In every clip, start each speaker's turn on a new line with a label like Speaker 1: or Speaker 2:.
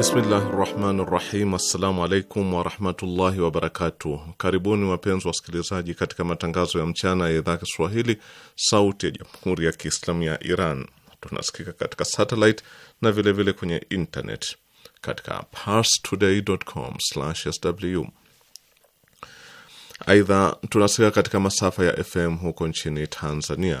Speaker 1: Bismillahi rahmani rahim. Assalamu alaikum warahmatullahi wabarakatuh. Karibuni wapenzi wasikilizaji, katika matangazo ya mchana ya idhaa Kiswahili sauti ya jamhuri ya Kiislamu ya Iran. Tunasikika katika satellite na vilevile vile kwenye internet katika parstoday.com/sw. Aidha, tunasikika katika masafa ya FM huko nchini Tanzania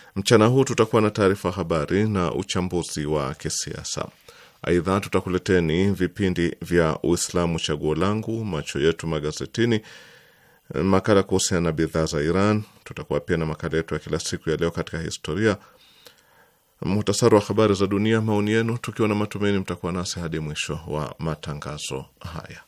Speaker 1: Mchana huu tutakuwa na taarifa habari na uchambuzi wa kisiasa. Aidha, tutakuleteni vipindi vya Uislamu chaguo langu, macho yetu magazetini, makala kuhusiana na bidhaa za Iran. Tutakuwa pia na makala yetu ya kila siku ya leo katika historia, muhtasari wa habari za dunia, maoni yenu, tukiwa na matumaini mtakuwa nasi hadi mwisho wa matangazo haya.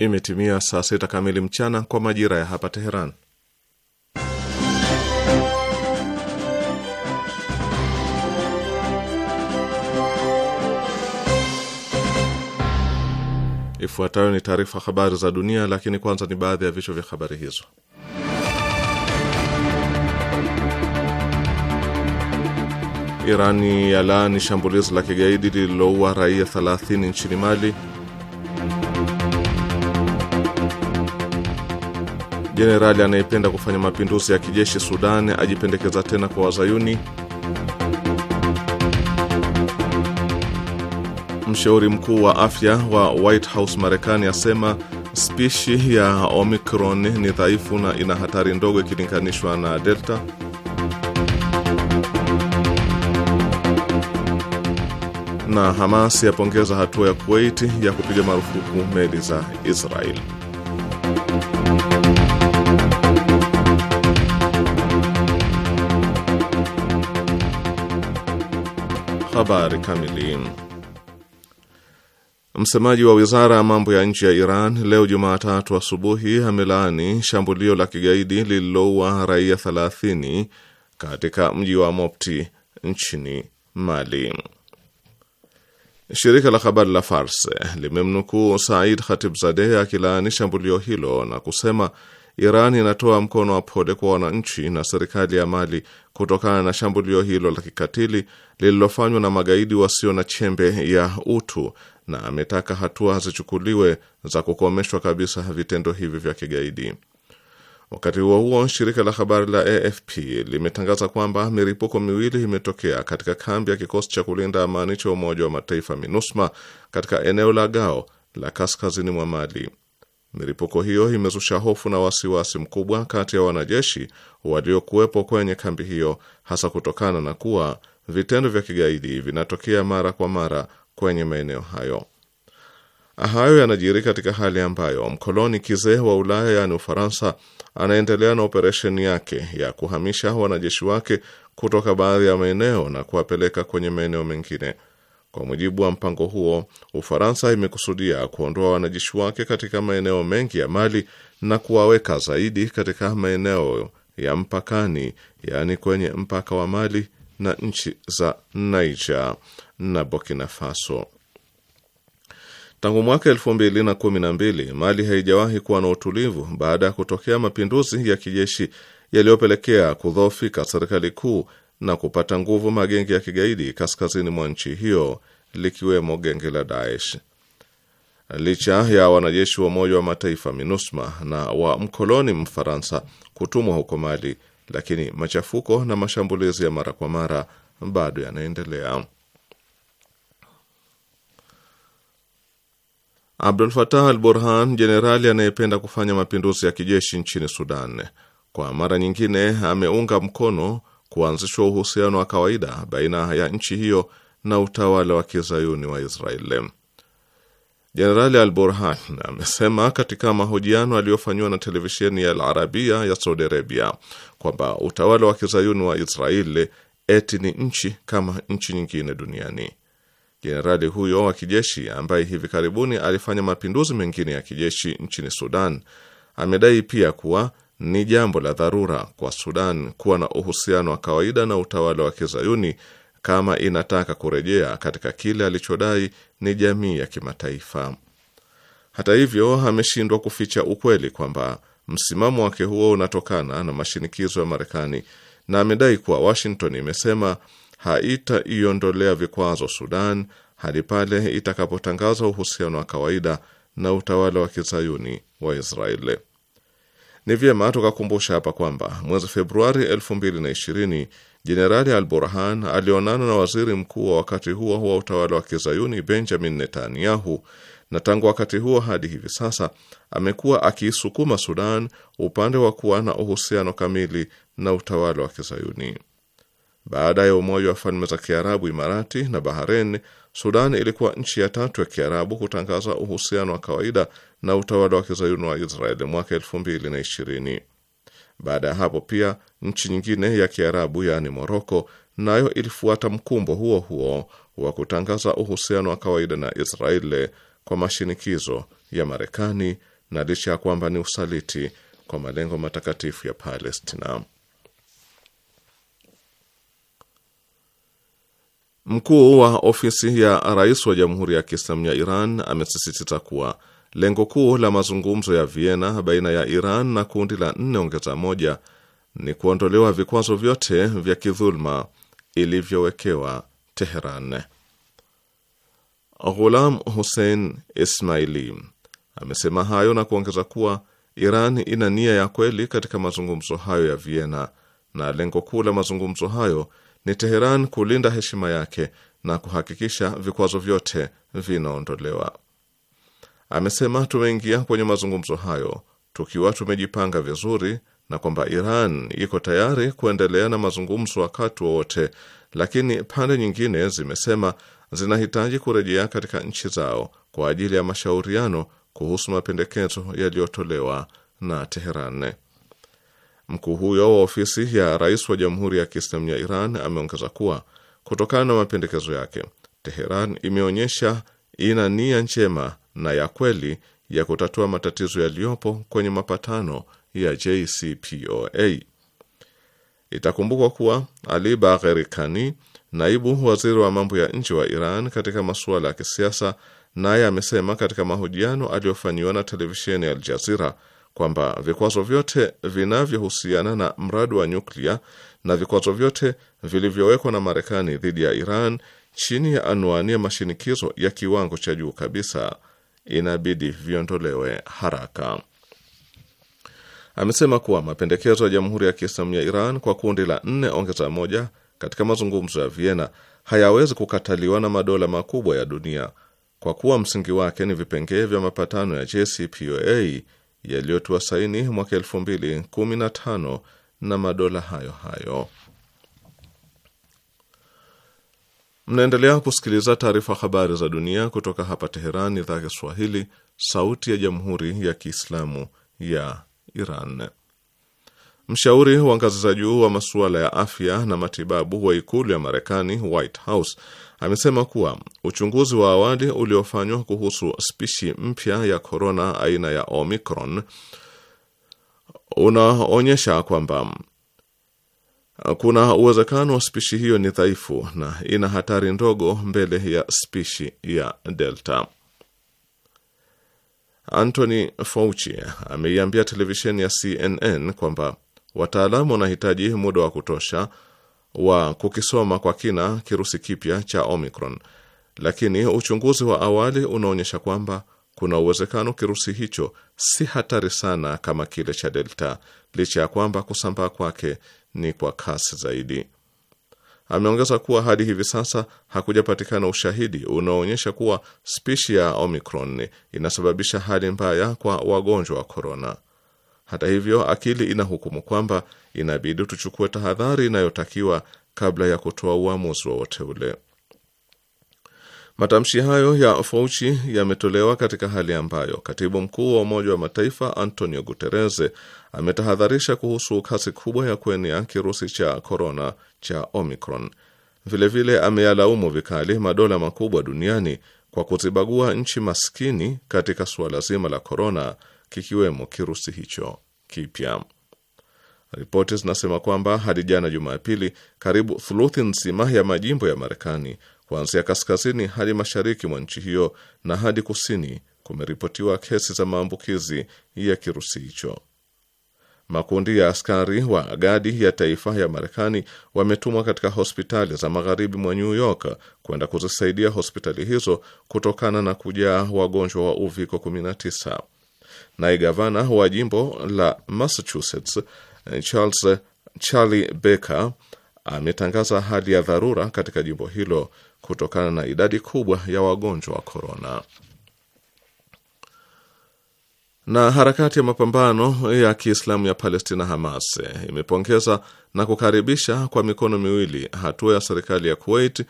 Speaker 1: Imetimia saa sita kamili mchana kwa majira ya hapa Teheran. Ifuatayo ni taarifa habari za dunia, lakini kwanza ni baadhi ya vichwa vya habari hizo. Irani yalaani shambulizi la kigaidi lililoua raia 30 nchini Mali. Jenerali anayependa kufanya mapinduzi ya kijeshi Sudan ajipendekeza tena kwa Wazayuni. Mshauri mkuu wa afya wa White House Marekani asema spishi ya Omicron ni dhaifu na ina hatari ndogo ikilinganishwa na Delta. Na Hamas yapongeza hatua ya Kuwait ya kupiga marufuku meli za Israeli. Habari kamili. Msemaji wa wizara ya mambo ya nje ya Iran leo Jumatatu asubuhi amelaani shambulio la kigaidi lililoua raia 30 katika mji wa Mopti nchini Mali. Shirika la habari la Fars limemnukuu Said Khatibzadeh akilaani shambulio hilo na kusema Iran inatoa mkono wa pole kwa wananchi na serikali ya Mali kutokana na shambulio hilo la kikatili lililofanywa na magaidi wasio na chembe ya utu, na ametaka hatua zichukuliwe za kukomeshwa kabisa vitendo hivi vya kigaidi. Wakati huo huo, shirika la habari la AFP limetangaza kwamba milipuko miwili imetokea katika kambi ya kikosi cha kulinda amani cha Umoja wa Mataifa MINUSMA katika eneo la Gao la kaskazini mwa Mali. Milipuko hiyo imezusha hofu na wasiwasi mkubwa kati ya wanajeshi waliokuwepo kwenye kambi hiyo, hasa kutokana na kuwa vitendo vya kigaidi vinatokea mara kwa mara kwenye maeneo hayo. Hayo yanajiri katika hali ambayo mkoloni kizee wa Ulaya yaani Ufaransa anaendelea na operesheni yake ya kuhamisha wanajeshi wake kutoka baadhi ya maeneo na kuwapeleka kwenye maeneo mengine. Kwa mujibu wa mpango huo, Ufaransa imekusudia kuondoa wanajeshi wake katika maeneo mengi ya Mali na kuwaweka zaidi katika maeneo ya mpakani, yaani kwenye mpaka wa Mali na nchi za Niger na Burkina Faso. Tangu mwaka elfu mbili na kumi na mbili Mali haijawahi kuwa na utulivu baada ya kutokea mapinduzi ya kijeshi yaliyopelekea kudhoofika serikali kuu na kupata nguvu magenge ya kigaidi kaskazini mwa nchi hiyo likiwemo genge la Daesh. Licha ya wanajeshi wa Umoja wa Mataifa MINUSMA na wa mkoloni Mfaransa kutumwa huko Mali, lakini machafuko na mashambulizi ya mara kwa mara bado yanaendelea. Abdul Fatah al Burhan, jenerali anayependa kufanya mapinduzi ya kijeshi nchini Sudan, kwa mara nyingine ameunga mkono kuanzishwa uhusiano wa kawaida baina ya nchi hiyo na utawala wa kizayuni wa Israeli. Jenerali Al Burhan amesema katika mahojiano aliyofanyiwa na televisheni ya Al Arabia ya Saudi Arabia kwamba utawala wa kizayuni wa Israeli eti ni nchi kama nchi nyingine duniani. Jenerali huyo wa kijeshi ambaye hivi karibuni alifanya mapinduzi mengine ya kijeshi nchini Sudan amedai pia kuwa ni jambo la dharura kwa Sudan kuwa na uhusiano wa kawaida na utawala wa kizayuni kama inataka kurejea katika kile alichodai ni jamii ya kimataifa. Hata hivyo, ameshindwa kuficha ukweli kwamba msimamo wake huo unatokana na mashinikizo ya Marekani na amedai kuwa Washington imesema haitaiondolea vikwazo Sudan hadi pale itakapotangaza uhusiano wa kawaida na utawala wa kizayuni wa Israeli. Ni vyema tukakumbusha hapa kwamba mwezi Februari 2020 Jenerali Al Burhan alionana na waziri mkuu wa wakati huo wa utawala wa kizayuni Benjamin Netanyahu, na tangu wakati huo hadi hivi sasa amekuwa akiisukuma Sudan upande wa kuwa na uhusiano kamili na utawala wa kizayuni. Baada ya Umoja wa Falme za Kiarabu, Imarati na Bahrain, Sudan ilikuwa nchi ya tatu ya Kiarabu kutangaza uhusiano wa kawaida na utawala wa kizayuni wa Israeli mwaka elfu mbili na ishirini. Baada ya hapo pia nchi nyingine ya Kiarabu yaani Moroko nayo ilifuata mkumbo huo huo wa kutangaza uhusiano wa kawaida na Israeli kwa mashinikizo ya Marekani na licha ya kwamba ni usaliti kwa malengo matakatifu ya Palestina. Mkuu wa ofisi ya rais wa Jamhuri ya Kiislamu ya Iran amesisitiza kuwa lengo kuu la mazungumzo ya Vienna baina ya Iran na kundi la nne ongeza moja ni kuondolewa vikwazo vyote vya kidhuluma ilivyowekewa Teheran. Ghulam Hussein Ismaili amesema hayo na kuongeza kuwa Iran ina nia ya kweli katika mazungumzo hayo ya Vienna na lengo kuu la mazungumzo hayo ni Teheran kulinda heshima yake na kuhakikisha vikwazo vyote vinaondolewa. Amesema tumeingia kwenye mazungumzo hayo tukiwa tumejipanga vizuri na kwamba Iran iko tayari kuendelea na mazungumzo wakati wowote, lakini pande nyingine zimesema zinahitaji kurejea katika nchi zao kwa ajili ya mashauriano kuhusu mapendekezo yaliyotolewa na Teheran. Mkuu huyo wa ofisi ya rais wa Jamhuri ya Kiislamu ya Iran ameongeza kuwa kutokana na mapendekezo yake, Teheran imeonyesha ina nia njema na ya kweli ya kutatua matatizo yaliyopo kwenye mapatano ya JCPOA. Itakumbukwa kuwa Ali Bagheri Kani, naibu waziri wa mambo ya nje wa Iran katika masuala ya kisiasa, naye amesema katika mahojiano aliyofanyiwa na televisheni ya Aljazira kwamba vikwazo vyote vinavyohusiana na mradi wa nyuklia na vikwazo vyote vilivyowekwa na Marekani dhidi ya Iran chini ya anwani ya mashinikizo ya kiwango cha juu kabisa inabidi viondolewe haraka. Amesema kuwa mapendekezo ya Jamhuri ya Kiislamu ya Iran kwa kundi la nne ongeza moja katika mazungumzo ya Vienna hayawezi kukataliwa na madola makubwa ya dunia kwa kuwa msingi wake ni vipengee vya mapatano ya JCPOA yaliyotiwa saini mwaka elfu mbili kumi na tano na madola hayo hayo. Mnaendelea kusikiliza taarifa habari za dunia kutoka hapa Teheran, idhaa ya Kiswahili, sauti ya jamhuri ya kiislamu ya Iran. Mshauri wa ngazi za juu wa masuala ya afya na matibabu wa ikulu ya Marekani, White House, amesema kuwa uchunguzi wa awali uliofanywa kuhusu spishi mpya ya korona aina ya Omicron unaonyesha kwamba kuna uwezekano wa spishi hiyo ni dhaifu na ina hatari ndogo mbele ya spishi ya Delta. Anthony Fauci ameiambia televisheni ya CNN kwamba wataalamu wanahitaji muda wa kutosha wa kukisoma kwa kina kirusi kipya cha Omicron, lakini uchunguzi wa awali unaonyesha kwamba kuna uwezekano kirusi hicho si hatari sana kama kile cha Delta, licha ya kwamba kusambaa kwake ni kwa kasi zaidi. Ameongeza kuwa hadi hivi sasa hakujapatikana ushahidi unaoonyesha kuwa spishi ya Omicron inasababisha hali mbaya kwa wagonjwa wa korona. Hata hivyo, akili inahukumu kwamba inabidi tuchukue tahadhari inayotakiwa kabla ya kutoa uamuzi wowote ule. Matamshi hayo ya Fauci yametolewa katika hali ambayo katibu mkuu wa Umoja wa Mataifa Antonio Guterres ametahadharisha kuhusu kasi kubwa ya kuenea kirusi cha korona cha Omicron. Vilevile ameyalaumu vikali madola makubwa duniani kwa kuzibagua nchi maskini katika suala zima la korona kikiwemo kirusi hicho kipya. Ripoti zinasema kwamba hadi jana Jumapili, karibu thuluthi nzima ya majimbo ya Marekani kuanzia kaskazini hadi mashariki mwa nchi hiyo na hadi kusini kumeripotiwa kesi za maambukizi ya kirusi hicho. Makundi ya askari wa gadi ya taifa ya Marekani wametumwa katika hospitali za magharibi mwa New York kwenda kuzisaidia hospitali hizo kutokana na kujaa wagonjwa wa uviko 19. Naye gavana wa jimbo la Massachusetts eh, Charles Charlie Baker ametangaza hali ya dharura katika jimbo hilo kutokana na idadi kubwa ya wagonjwa wa korona. Na harakati ya mapambano ya Kiislamu ya Palestina Hamas eh, imepongeza na kukaribisha kwa mikono miwili hatua ya serikali ya Kuwait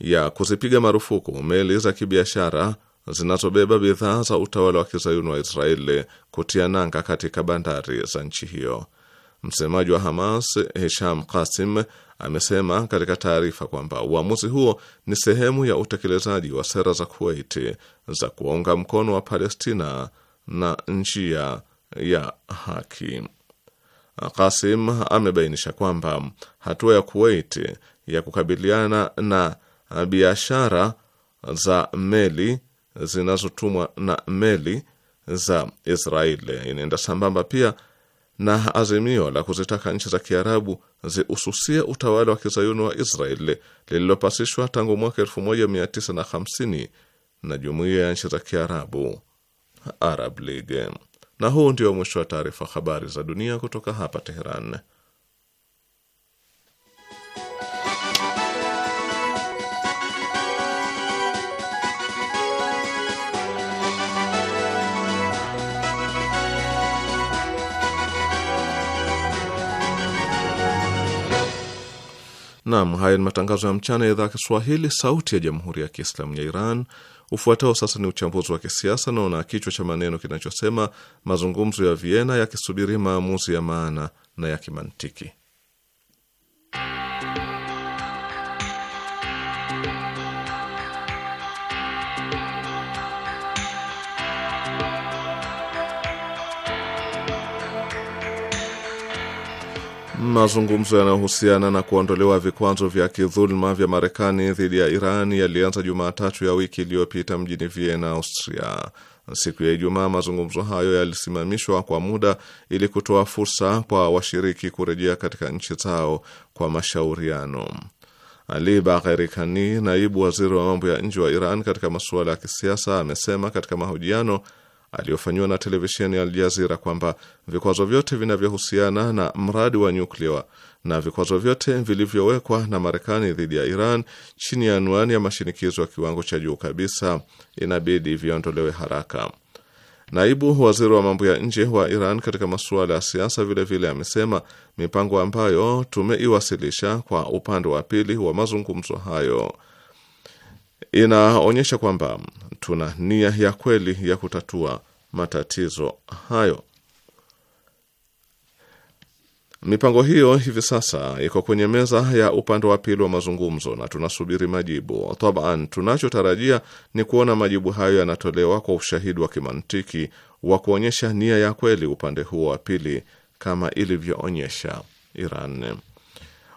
Speaker 1: ya kuzipiga marufuku meli za kibiashara zinazobeba bidhaa za utawala wa kizayuni wa Israeli kutia nanga katika bandari za nchi hiyo. Msemaji wa Hamas Hisham Kasim amesema katika taarifa kwamba uamuzi huo ni sehemu ya utekelezaji wa sera za Kuwaiti za kuwaunga mkono wa Palestina na njia ya haki. Kasim amebainisha kwamba hatua ya Kuwaiti ya kukabiliana na biashara za meli zinazotumwa na meli za Israeli inaenda sambamba pia na azimio la kuzitaka nchi za Kiarabu ziususie utawala wa kizayuni wa Israeli lililopasishwa tangu mwaka 1950 na jumuiya ya nchi za Kiarabu, Arab League. Na huu ndio mwisho wa taarifa habari za dunia kutoka hapa Teheran. Naam, haya ni matangazo ya mchana ya idhaa Kiswahili, sauti ya jamhuri ya kiislamu ya Iran. Ufuatao sasa ni uchambuzi wa kisiasa na una kichwa cha maneno kinachosema mazungumzo ya Vienna yakisubiri maamuzi ya maana na ya kimantiki. Mazungumzo yanayohusiana na kuondolewa vikwazo vya kidhuluma vya Marekani dhidi ya Iran yalianza Jumatatu ya wiki iliyopita mjini Vienna, Austria. Siku ya Ijumaa, mazungumzo hayo yalisimamishwa kwa muda ili kutoa fursa kwa washiriki kurejea katika nchi zao kwa mashauriano. Ali Bagheri Kani, naibu waziri wa mambo ya nje wa Iran katika masuala ya kisiasa, amesema katika mahojiano aliyofanyiwa na televisheni ya Aljazira kwamba vikwazo vyote vinavyohusiana na mradi wa nyuklia na vikwazo vyote vilivyowekwa na Marekani dhidi ya Iran chini ya anwani ya mashinikizo ya kiwango cha juu kabisa inabidi viondolewe haraka. Naibu waziri wa mambo ya nje wa Iran katika masuala ya siasa vilevile amesema mipango ambayo tumeiwasilisha kwa upande wa pili wa mazungumzo hayo inaonyesha kwamba tuna nia ya kweli ya kutatua matatizo hayo. Mipango hiyo hivi sasa iko kwenye meza ya upande wa pili wa mazungumzo na tunasubiri majibu taban. Tunachotarajia ni kuona majibu hayo yanatolewa kwa ushahidi wa kimantiki wa kuonyesha nia ya kweli upande huo wa pili kama ilivyoonyesha Iran.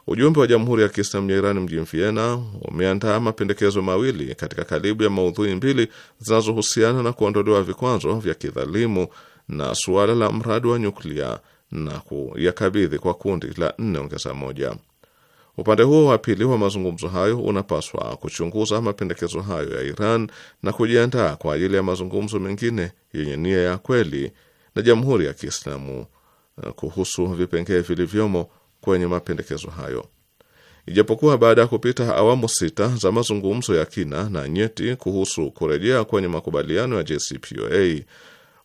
Speaker 1: Ujumbe wa Jamhuri ya Kiislamu ya Iran mjini Vienna umeandaa mapendekezo mawili katika karibu ya maudhui mbili zinazohusiana na kuondolewa vikwazo vya kidhalimu na suala la mradi wa nyuklia na kuyakabidhi kwa kundi la nne ongeza moja. Upande huo wa pili wa mazungumzo hayo unapaswa kuchunguza mapendekezo hayo ya Iran na kujiandaa kwa ajili ya mazungumzo mengine yenye nia ya kweli na Jamhuri ya Kiislamu kuhusu vipengee vilivyomo kwenye mapendekezo hayo. Ijapokuwa baada ya kupita awamu sita za mazungumzo ya kina na nyeti kuhusu kurejea kwenye makubaliano ya JCPOA,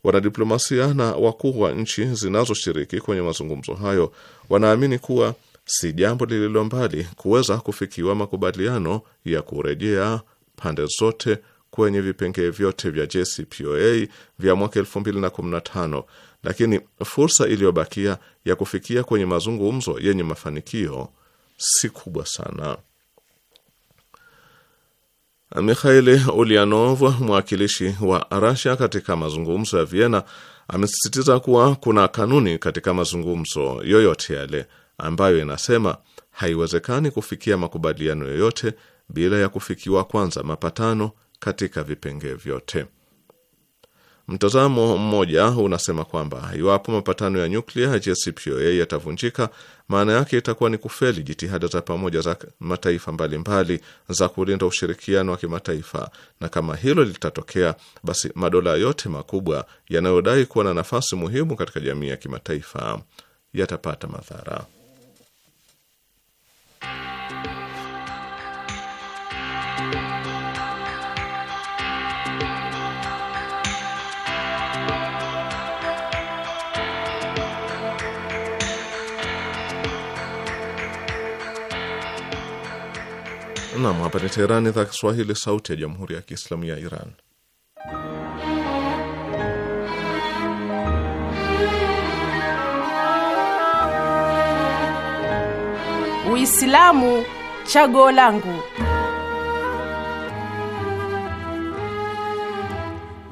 Speaker 1: wanadiplomasia na wakuu wa nchi zinazoshiriki kwenye mazungumzo hayo wanaamini kuwa si jambo lililo mbali kuweza kufikiwa makubaliano ya kurejea pande zote kwenye vipengee vyote vya JCPOA vya mwaka 2015 lakini fursa iliyobakia ya kufikia kwenye mazungumzo yenye mafanikio si kubwa sana. Mikhail Ulianov, mwakilishi wa Rasia katika mazungumzo ya Vienna, amesisitiza kuwa kuna kanuni katika mazungumzo yoyote yale ambayo inasema haiwezekani kufikia makubaliano yoyote bila ya kufikiwa kwanza mapatano katika vipengee vyote. Mtazamo mmoja unasema kwamba iwapo mapatano ya nyuklia JCPOA yatavunjika, maana yake itakuwa ni kufeli jitihada za pamoja za mataifa mbalimbali mbali za kulinda ushirikiano wa kimataifa, na kama hilo litatokea, basi madola yote makubwa yanayodai kuwa na nafasi muhimu katika jamii ya kimataifa yatapata madhara. Nam, hapa ni Teherani, idhaa Kiswahili, sauti ya jamhuri ya kiislamu ya Iran.
Speaker 2: Uislamu chaguo langu.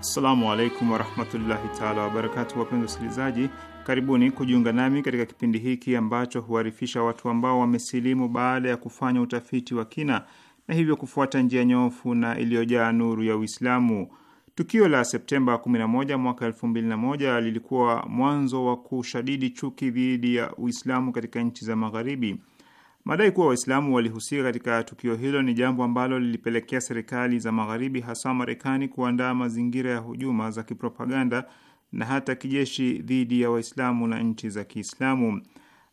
Speaker 3: Assalamu alaikum warahmatullahi taala wabarakatu, wapenzi wasikilizaji Karibuni kujiunga nami katika kipindi hiki ambacho huarifisha watu ambao wamesilimu baada ya kufanya utafiti wa kina na hivyo kufuata njia nyofu na iliyojaa nuru ya Uislamu. Tukio la Septemba 11 mwaka 2001 lilikuwa mwanzo wa kushadidi chuki dhidi ya Uislamu katika nchi za Magharibi. Madai kuwa Waislamu walihusika katika tukio hilo ni jambo ambalo lilipelekea serikali za Magharibi, hasa Marekani, kuandaa mazingira ya hujuma za kipropaganda na hata kijeshi dhidi ya Waislamu na nchi za Kiislamu.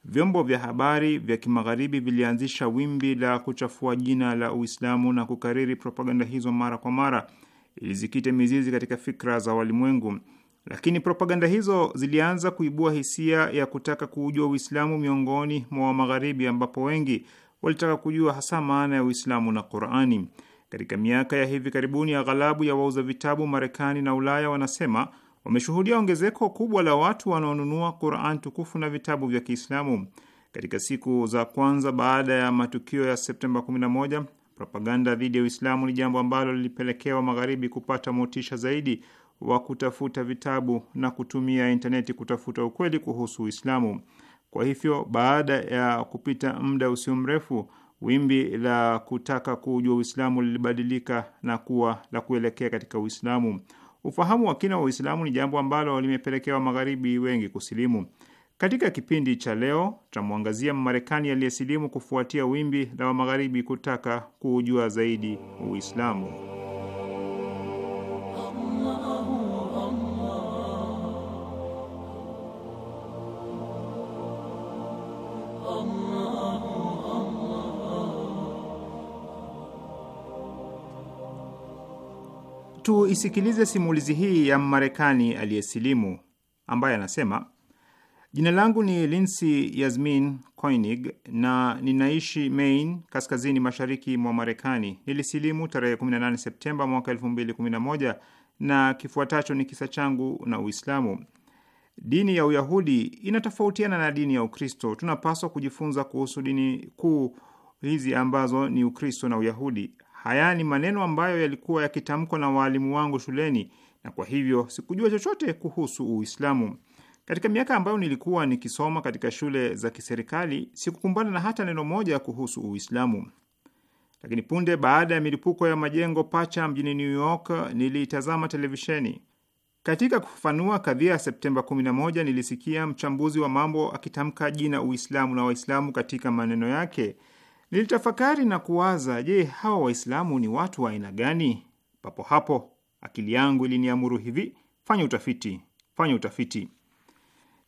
Speaker 3: Vyombo vya habari vya kimagharibi vilianzisha wimbi la kuchafua jina la Uislamu na kukariri propaganda hizo mara kwa mara ili zikite mizizi katika fikra za walimwengu. Lakini propaganda hizo zilianza kuibua hisia ya kutaka kuujua Uislamu miongoni mwa Wamagharibi, ambapo wengi walitaka kujua hasa maana ya Uislamu na Qurani. Katika miaka ya hivi karibuni, aghalabu ya wauza vitabu Marekani na Ulaya wanasema wameshuhudia ongezeko kubwa la watu wanaonunua Quran tukufu na vitabu vya Kiislamu. Katika siku za kwanza baada ya matukio ya Septemba 11, propaganda dhidi ya Uislamu ni jambo ambalo lilipelekewa Magharibi kupata motisha zaidi wa kutafuta vitabu na kutumia intaneti kutafuta ukweli kuhusu Uislamu. Kwa hivyo, baada ya kupita muda usio mrefu, wimbi la kutaka kujua Uislamu lilibadilika na kuwa la kuelekea katika Uislamu. Ufahamu wa kina wa Uislamu ni jambo ambalo limepelekea magharibi wengi kusilimu. Katika kipindi cha leo tutamwangazia marekani aliyesilimu kufuatia wimbi la Wamagharibi kutaka kuujua zaidi Uislamu.
Speaker 4: Allah.
Speaker 3: tuisikilize simulizi hii ya Mmarekani aliyesilimu ambaye anasema Jina langu ni Lindsey Yasmin Koenig na ninaishi Maine, kaskazini mashariki mwa Marekani. Nilisilimu tarehe 18 Septemba mwaka 2011 na kifuatacho ni kisa changu na Uislamu. Dini ya Uyahudi inatofautiana na dini ya Ukristo. Tunapaswa kujifunza kuhusu dini kuu hizi ambazo ni Ukristo na Uyahudi. Haya ni maneno ambayo yalikuwa yakitamkwa na waalimu wangu shuleni, na kwa hivyo sikujua chochote kuhusu Uislamu. Katika miaka ambayo nilikuwa nikisoma katika shule za kiserikali, sikukumbana na hata neno moja kuhusu Uislamu. Lakini punde baada ya milipuko ya majengo pacha mjini New York, niliitazama televisheni. Katika kufafanua kadhia ya Septemba 11, nilisikia mchambuzi wa mambo akitamka jina Uislamu na Waislamu katika maneno yake. Nilitafakari na kuwaza, je, hawa Waislamu ni watu wa aina gani? Papo hapo akili yangu iliniamuru hivi, fanya utafiti, fanya utafiti.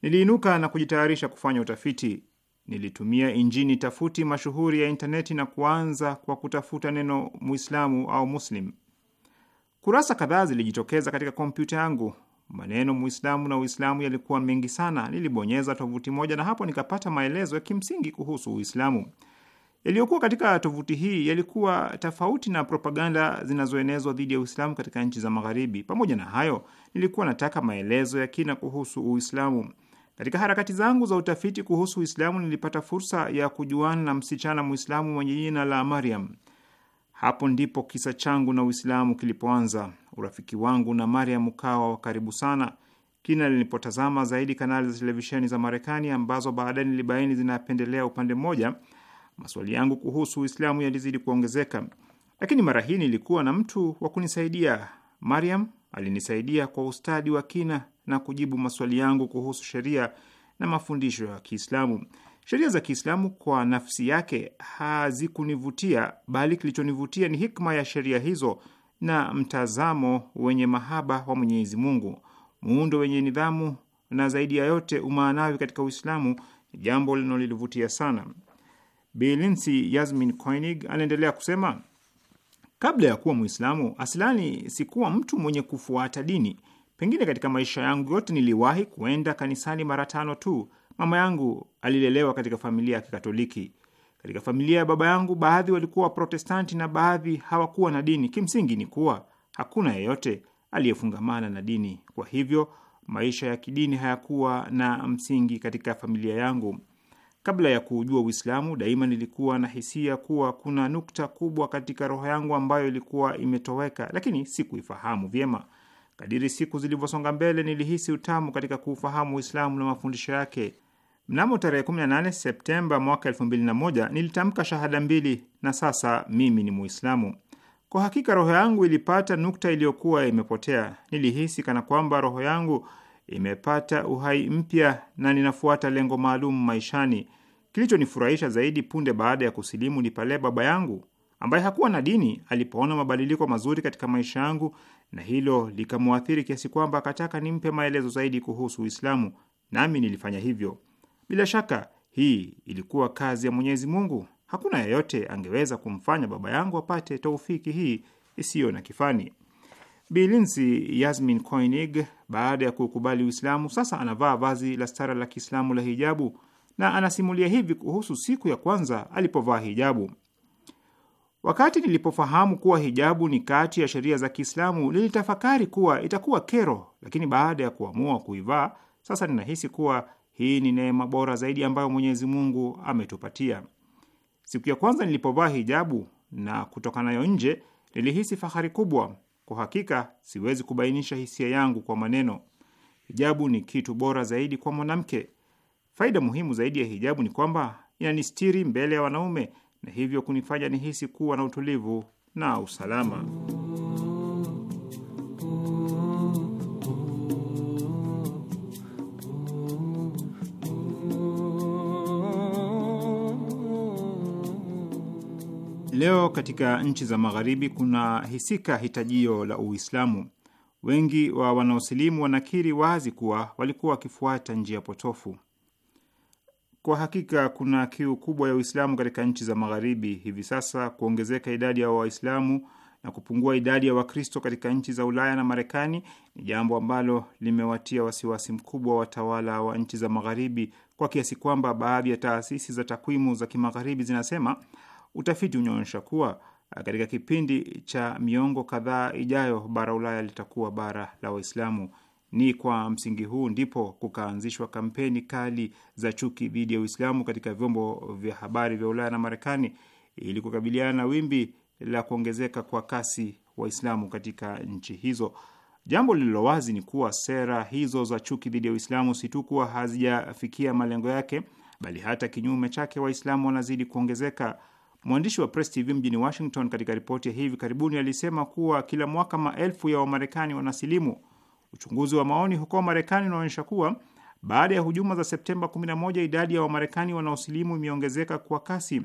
Speaker 3: Niliinuka na kujitayarisha kufanya utafiti. Nilitumia injini tafuti mashuhuri ya intaneti na kuanza kwa kutafuta neno Muislamu au Muslim. Kurasa kadhaa zilijitokeza katika kompyuta yangu. Maneno Muislamu na Uislamu yalikuwa mengi sana. Nilibonyeza tovuti moja na hapo nikapata maelezo ya kimsingi kuhusu Uislamu yaliyokuwa katika tovuti hii yalikuwa tofauti na propaganda zinazoenezwa dhidi ya Uislamu katika nchi za Magharibi. Pamoja na hayo, nilikuwa nataka maelezo ya kina kuhusu Uislamu. Katika harakati zangu za utafiti kuhusu Uislamu, nilipata fursa ya kujuana na msichana Mwislamu mwenye jina la Mariam. Hapo ndipo kisa changu na Uislamu kilipoanza. Urafiki wangu na Mariam ukawa wa karibu sana kina nilipotazama zaidi kanali za televisheni za Marekani ambazo baadaye nilibaini zinapendelea upande mmoja Maswali yangu kuhusu Uislamu yalizidi kuongezeka, lakini mara hii nilikuwa na mtu wa kunisaidia. Mariam alinisaidia kwa ustadi wa kina na kujibu maswali yangu kuhusu sheria na mafundisho ya Kiislamu. Sheria za Kiislamu kwa nafsi yake hazikunivutia, bali kilichonivutia ni hikma ya sheria hizo na mtazamo wenye mahaba wa Mwenyezi Mungu. Muundo wenye nidhamu na zaidi ya yote umaanawi katika Uislamu ni jambo linalolivutia sana. Bilinsi Yasmin Koenig anaendelea kusema, kabla ya kuwa Mwislamu asilani sikuwa mtu mwenye kufuata dini. Pengine katika maisha yangu yote niliwahi kuenda kanisani mara tano tu. Mama yangu alilelewa katika familia ya Kikatoliki. Katika familia ya baba yangu baadhi walikuwa Waprotestanti na baadhi hawakuwa na dini. Kimsingi ni kuwa hakuna yeyote aliyefungamana na dini, kwa hivyo maisha ya kidini hayakuwa na msingi katika familia yangu. Kabla ya kuujua Uislamu, daima nilikuwa na hisia kuwa kuna nukta kubwa katika roho yangu ambayo ilikuwa imetoweka, lakini sikuifahamu vyema. Kadiri siku zilivyosonga mbele, nilihisi utamu katika kuufahamu Uislamu na mafundisho yake. Mnamo tarehe 18 Septemba mwaka 2001 nilitamka shahada mbili, na sasa mimi ni Muislamu. Kwa hakika roho yangu ilipata nukta iliyokuwa imepotea. Nilihisi kana kwamba roho yangu imepata uhai mpya na ninafuata lengo maalum maishani. Kilichonifurahisha zaidi punde baada ya kusilimu ni pale baba yangu ambaye hakuwa na dini alipoona mabadiliko mazuri katika maisha yangu, na hilo likamwathiri kiasi kwamba akataka nimpe maelezo zaidi kuhusu Uislamu, nami nilifanya hivyo. Bila shaka hii ilikuwa kazi ya Mwenyezi Mungu. Hakuna yeyote angeweza kumfanya baba yangu apate taufiki hii isiyo na kifani. Bilinsi Yasmin Koenig, baada ya kukubali Uislamu, sasa anavaa vazi la stara la Kiislamu la hijabu na anasimulia hivi kuhusu siku ya kwanza alipovaa hijabu. Wakati nilipofahamu kuwa hijabu ni kati ya sheria za Kiislamu, nilitafakari kuwa itakuwa kero, lakini baada ya kuamua kuivaa, sasa ninahisi kuwa hii ni neema bora zaidi ambayo Mwenyezi Mungu ametupatia. Siku ya kwanza nilipovaa hijabu na kutoka nayo nje, nilihisi fahari kubwa. Kwa hakika, siwezi kubainisha hisia yangu kwa maneno. Hijabu ni kitu bora zaidi kwa mwanamke. Faida muhimu zaidi ya hijabu ni kwamba inanistiri mbele ya wanaume na hivyo kunifanya nihisi kuwa na utulivu na usalama. Leo katika nchi za Magharibi kuna hisika hitajio la Uislamu. Wengi wa wanaosilimu wanakiri wazi kuwa walikuwa wakifuata njia potofu. Kwa hakika kuna kiu kubwa ya Uislamu katika nchi za Magharibi hivi sasa. Kuongezeka idadi ya Waislamu na kupungua idadi ya Wakristo katika nchi za Ulaya na Marekani ni jambo ambalo limewatia wasiwasi mkubwa watawala wa nchi za Magharibi, kwa kiasi kwamba baadhi ya taasisi za takwimu za kimagharibi zinasema utafiti unaonyesha kuwa katika kipindi cha miongo kadhaa ijayo bara Ulaya litakuwa bara la Waislamu. Ni kwa msingi huu ndipo kukaanzishwa kampeni kali za chuki dhidi ya Uislamu katika vyombo vya habari vya Ulaya na Marekani ili kukabiliana na wimbi la kuongezeka kwa kasi Waislamu katika nchi hizo. Jambo lililo wazi ni kuwa sera hizo za chuki dhidi ya Uislamu si tu kuwa hazijafikia malengo yake, bali hata kinyume chake, Waislamu wanazidi kuongezeka. Mwandishi wa Press TV mjini Washington katika ripoti ya hivi karibuni alisema kuwa kila mwaka maelfu ya Wamarekani wanasilimu Uchunguzi wa maoni huko Marekani unaonyesha kuwa baada ya hujuma za Septemba 11 idadi ya Wamarekani wanaosilimu imeongezeka kwa kasi.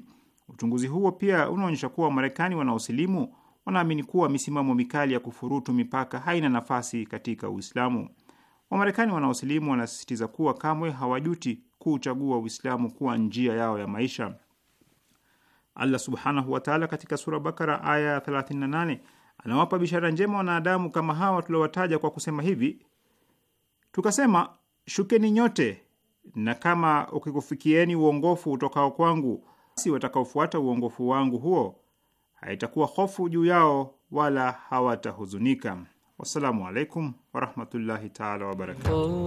Speaker 3: Uchunguzi huo pia unaonyesha kuwa Wamarekani wanaosilimu wanaamini kuwa misimamo mikali ya kufurutu mipaka haina nafasi katika Uislamu. Wamarekani wanaosilimu wanasisitiza kuwa kamwe hawajuti kuuchagua Uislamu kuwa njia yao ya maisha. Allah subhanahu wataala katika sura Bakara aya Anawapa bishara njema wanadamu kama hawa tuliowataja kwa kusema hivi: tukasema shukeni nyote, na kama ukikufikieni uongofu utokao kwangu, basi watakaofuata uongofu wangu huo haitakuwa hofu juu yao wala hawatahuzunika. Wassalamu alaikum warahmatullahi taala wabarakatuh.
Speaker 4: Oh,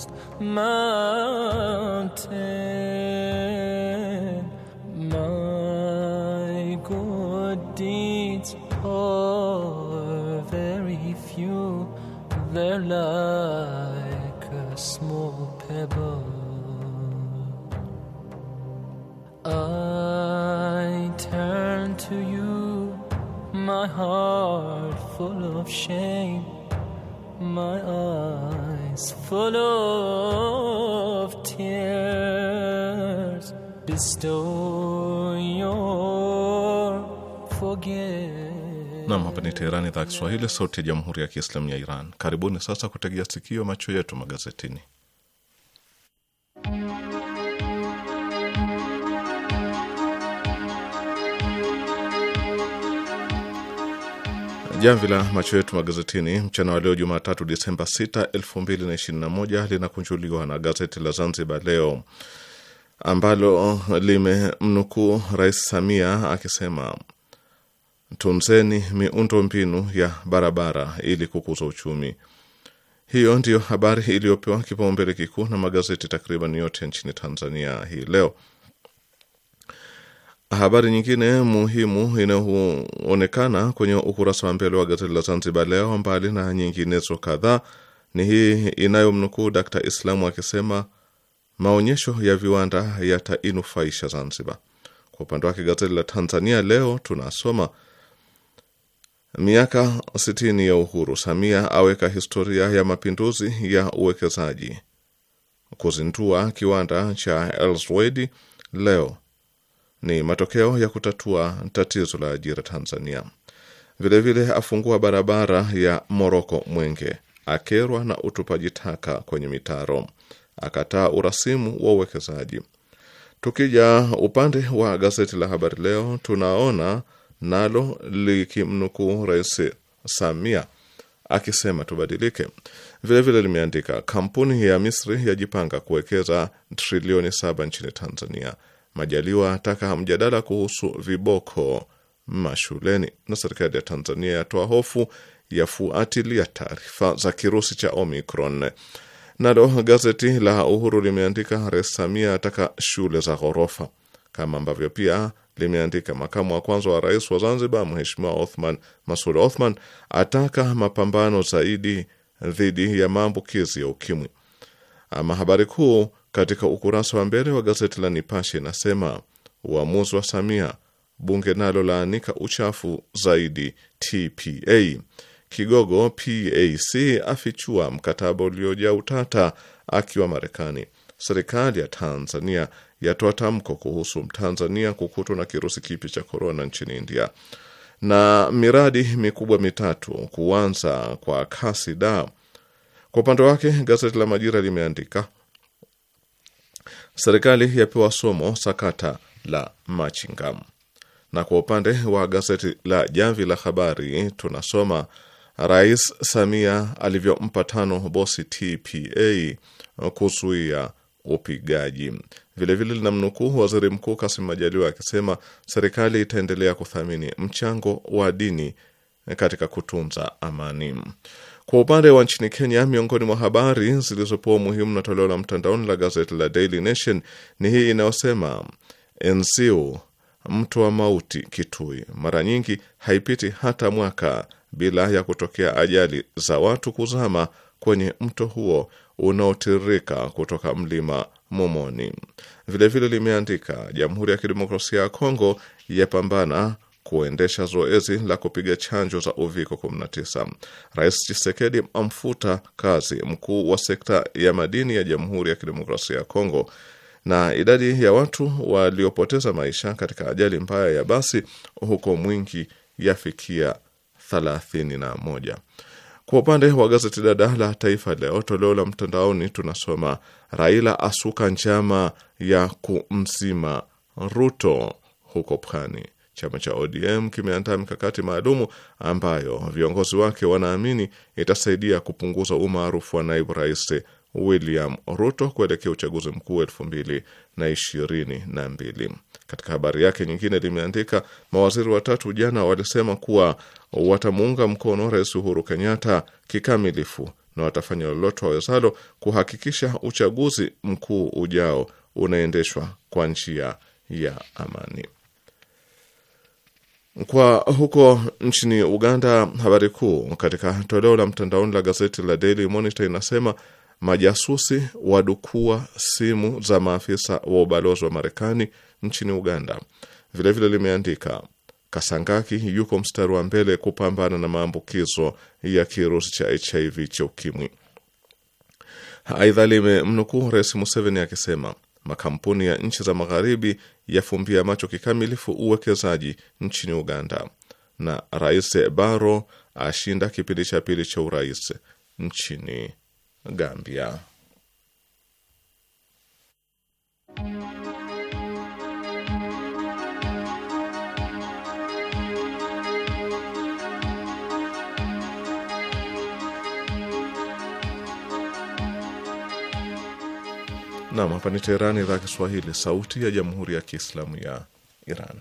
Speaker 4: Most mountain. My good deeds are very few, they're like a small pebble. I turn to you, my heart full of shame, my eyes eyes full of tears. Bestow
Speaker 1: your forgiveness. Nam, hapa ni Teherani, idhaa ya Kiswahili, sauti ya jamhuri ya kiislamu ya Iran. Karibuni sasa kutegea sikio, macho yetu magazetini. Jamvi la macho yetu magazetini mchana wa leo Jumatatu Disemba 6, 2021 linakunjuliwa na gazeti la Zanzibar Leo ambalo limemnukuu Rais Samia akisema tunzeni miundo mbinu ya barabara ili kukuza uchumi. Hiyo ndiyo habari iliyopewa kipaumbele kikuu na magazeti takriban yote nchini Tanzania hii leo. Habari nyingine muhimu inayoonekana kwenye ukurasa wa mbele wa gazeti la Zanzibar Leo, mbali na nyinginezo kadhaa, ni hii inayomnukuu Dkt Islamu akisema maonyesho ya viwanda yatainufaisha Zanzibar. Kwa upande wake gazeti la Tanzania Leo tunasoma miaka 60 ya uhuru, Samia aweka historia ya mapinduzi ya uwekezaji, kuzindua kiwanda cha Elswedi leo ni matokeo ya kutatua tatizo la ajira Tanzania. Vilevile vile afungua barabara ya Moroko Mwenge, akerwa na utupaji taka kwenye mitaro, akataa urasimu wa uwekezaji. Tukija upande wa gazeti la Habari Leo tunaona nalo likimnukuu Rais Samia akisema tubadilike. Vilevile vile limeandika kampuni ya Misri yajipanga kuwekeza trilioni saba nchini Tanzania. Majaliwa ataka mjadala kuhusu viboko mashuleni. Na serikali ya Tanzania yatoa hofu yafuatilia ya taarifa za kirusi cha Omicron. Nalo gazeti la Uhuru limeandika Rais Samia ataka shule za ghorofa, kama ambavyo pia limeandika makamu wa kwanza wa rais wa Zanzibar Mheshimiwa Othman Masud Othman ataka mapambano zaidi dhidi ya maambukizi ya ukimwi. Ama habari kuu katika ukurasa wa mbele wa gazeti la Nipashe inasema uamuzi wa Samia, bunge nalo laanika uchafu zaidi TPA. Kigogo PAC afichua mkataba uliojaa utata akiwa Marekani. Serikali ya Tanzania yatoa tamko kuhusu Tanzania kukutwa na kirusi kipya cha korona nchini India. Na miradi mikubwa mitatu kuanza kwa kasi da. Kwa upande wake gazeti la Majira limeandika Serikali yapewa somo sakata la machinga Na kwa upande wa gazeti la Jamvi la Habari tunasoma Rais Samia alivyompa tano bosi TPA kuzuia upigaji. Vilevile linamnukuu Waziri Mkuu Kasim Majaliwa akisema serikali itaendelea kuthamini mchango wa dini katika kutunza amani. Kwa upande wa nchini Kenya, miongoni mwa habari zilizopewa umuhimu na toleo la mtandaoni la gazeti la Daily Nation ni hii inayosema NCU mtu wa mauti Kitui, mara nyingi haipiti hata mwaka bila ya kutokea ajali za watu kuzama kwenye mto huo unaotiririka kutoka mlima Momoni. Vilevile limeandika Jamhuri ya Kidemokrasia ya Kongo yapambana kuendesha zoezi la kupiga chanjo za uviko 19. Rais chisekedi amfuta kazi mkuu wa sekta ya madini ya Jamhuri ya Kidemokrasia ya Kongo, na idadi ya watu waliopoteza maisha katika ajali mbaya ya basi huko Mwingi yafikia 31. Kwa upande wa gazeti dada la Taifa Leo toleo la mtandaoni tunasoma Raila asuka njama ya kumzima Ruto huko pwani. Chama cha ODM kimeandaa mikakati maalumu ambayo viongozi wake wanaamini itasaidia kupunguza umaarufu wa naibu rais William Ruto kuelekea uchaguzi mkuu elfu mbili na ishirini na mbili. Katika habari yake nyingine limeandika mawaziri watatu jana walisema kuwa watamuunga mkono Rais Uhuru Kenyatta kikamilifu na watafanya lolote wawezalo kuhakikisha uchaguzi mkuu ujao unaendeshwa kwa njia ya amani. Kwa huko nchini Uganda, habari kuu katika toleo la mtandaoni la gazeti la Daily Monitor inasema majasusi wadukua simu za maafisa wa ubalozi wa Marekani nchini Uganda. Vilevile vile limeandika Kasangaki yuko mstari wa mbele kupambana na maambukizo ya kirusi cha HIV cha ukimwi. Aidha limemnukuu Rais Museveni akisema makampuni ya nchi za magharibi yafumbia macho kikamilifu uwekezaji nchini Uganda, na Rais Barrow ashinda kipindi cha pili cha urais nchini Gambia. Nam, hapa ni Teheran, idhaa Kiswahili, sauti ya jamhuri ya kiislamu ya Iran.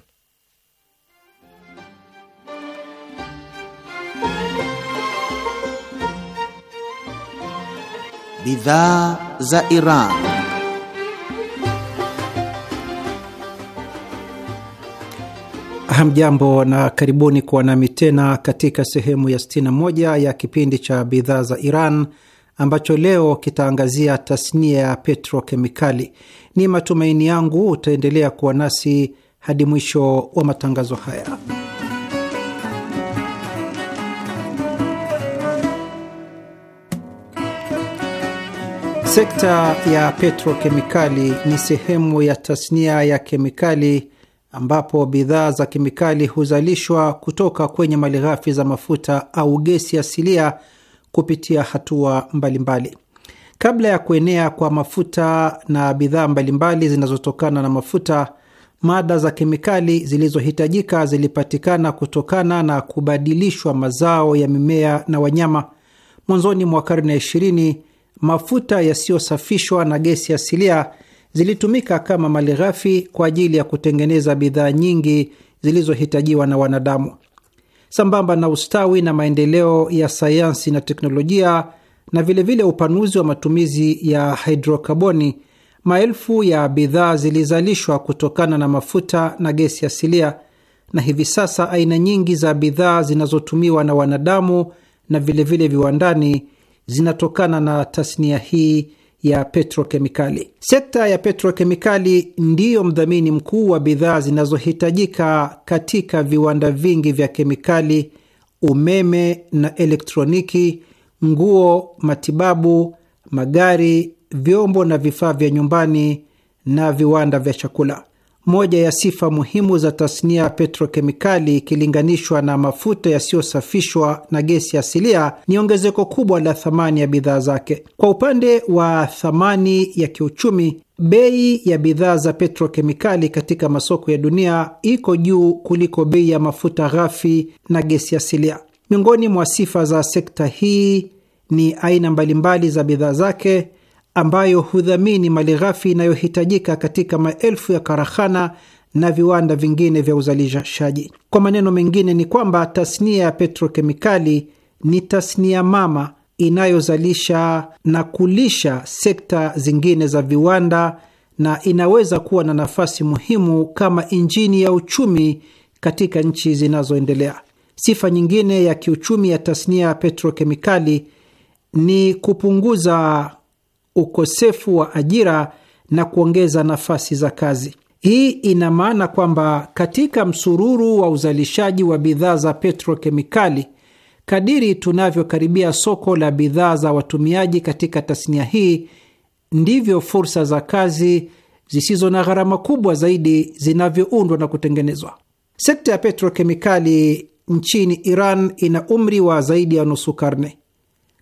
Speaker 5: Bidhaa za Iran. Hamjambo na karibuni kuwa nami tena katika sehemu ya 61 ya kipindi cha bidhaa za Iran ambacho leo kitaangazia tasnia ya petrokemikali. Ni matumaini yangu utaendelea kuwa nasi hadi mwisho wa matangazo haya. Sekta ya petrokemikali ni sehemu ya tasnia ya kemikali ambapo bidhaa za kemikali huzalishwa kutoka kwenye malighafi za mafuta au gesi asilia kupitia hatua mbalimbali. Kabla ya kuenea kwa mafuta na bidhaa mbalimbali zinazotokana na mafuta, mada za kemikali zilizohitajika zilipatikana kutokana na kubadilishwa mazao ya mimea na wanyama. Mwanzoni mwa karne ya ishirini, mafuta yasiyosafishwa na gesi asilia zilitumika kama malighafi kwa ajili ya kutengeneza bidhaa nyingi zilizohitajiwa na wanadamu sambamba na ustawi na maendeleo ya sayansi na teknolojia na vilevile vile upanuzi wa matumizi ya hidrokaboni, maelfu ya bidhaa zilizalishwa kutokana na mafuta na gesi asilia, na hivi sasa aina nyingi za bidhaa zinazotumiwa na wanadamu na vilevile vile viwandani zinatokana na tasnia hii ya petrokemikali. Sekta ya petrokemikali ndiyo mdhamini mkuu wa bidhaa zinazohitajika katika viwanda vingi vya kemikali, umeme na elektroniki, nguo, matibabu, magari, vyombo na vifaa vya nyumbani na viwanda vya chakula moja ya sifa muhimu za tasnia ya petrokemikali ikilinganishwa na mafuta yasiyosafishwa na gesi asilia ni ongezeko kubwa la thamani ya bidhaa zake. Kwa upande wa thamani ya kiuchumi, bei ya bidhaa za petrokemikali katika masoko ya dunia iko juu kuliko bei ya mafuta ghafi na gesi asilia. Miongoni mwa sifa za sekta hii ni aina mbalimbali za bidhaa zake ambayo hudhamini mali ghafi inayohitajika katika maelfu ya karakhana na viwanda vingine vya uzalishaji. Kwa maneno mengine, ni kwamba tasnia ya petrokemikali ni tasnia mama inayozalisha na kulisha sekta zingine za viwanda na inaweza kuwa na nafasi muhimu kama injini ya uchumi katika nchi zinazoendelea. Sifa nyingine ya kiuchumi ya tasnia ya petrokemikali ni kupunguza ukosefu wa ajira na kuongeza nafasi za kazi. Hii ina maana kwamba katika msururu wa uzalishaji wa bidhaa za petrokemikali, kadiri tunavyokaribia soko la bidhaa za watumiaji katika tasnia hii, ndivyo fursa za kazi zisizo na gharama kubwa zaidi zinavyoundwa na kutengenezwa. Sekta ya petrokemikali nchini Iran ina umri wa zaidi ya nusu karne.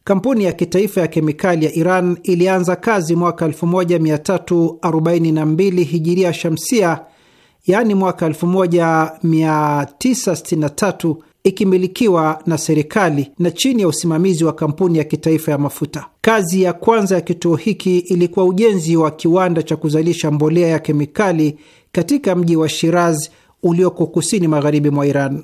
Speaker 5: Kampuni ya kitaifa ya kemikali ya Iran ilianza kazi mwaka 1342 hijiria shamsia, yaani mwaka 1963 ikimilikiwa na serikali na chini ya usimamizi wa kampuni ya kitaifa ya mafuta. Kazi ya kwanza ya kituo hiki ilikuwa ujenzi wa kiwanda cha kuzalisha mbolea ya kemikali katika mji wa Shiraz ulioko kusini magharibi mwa Iran.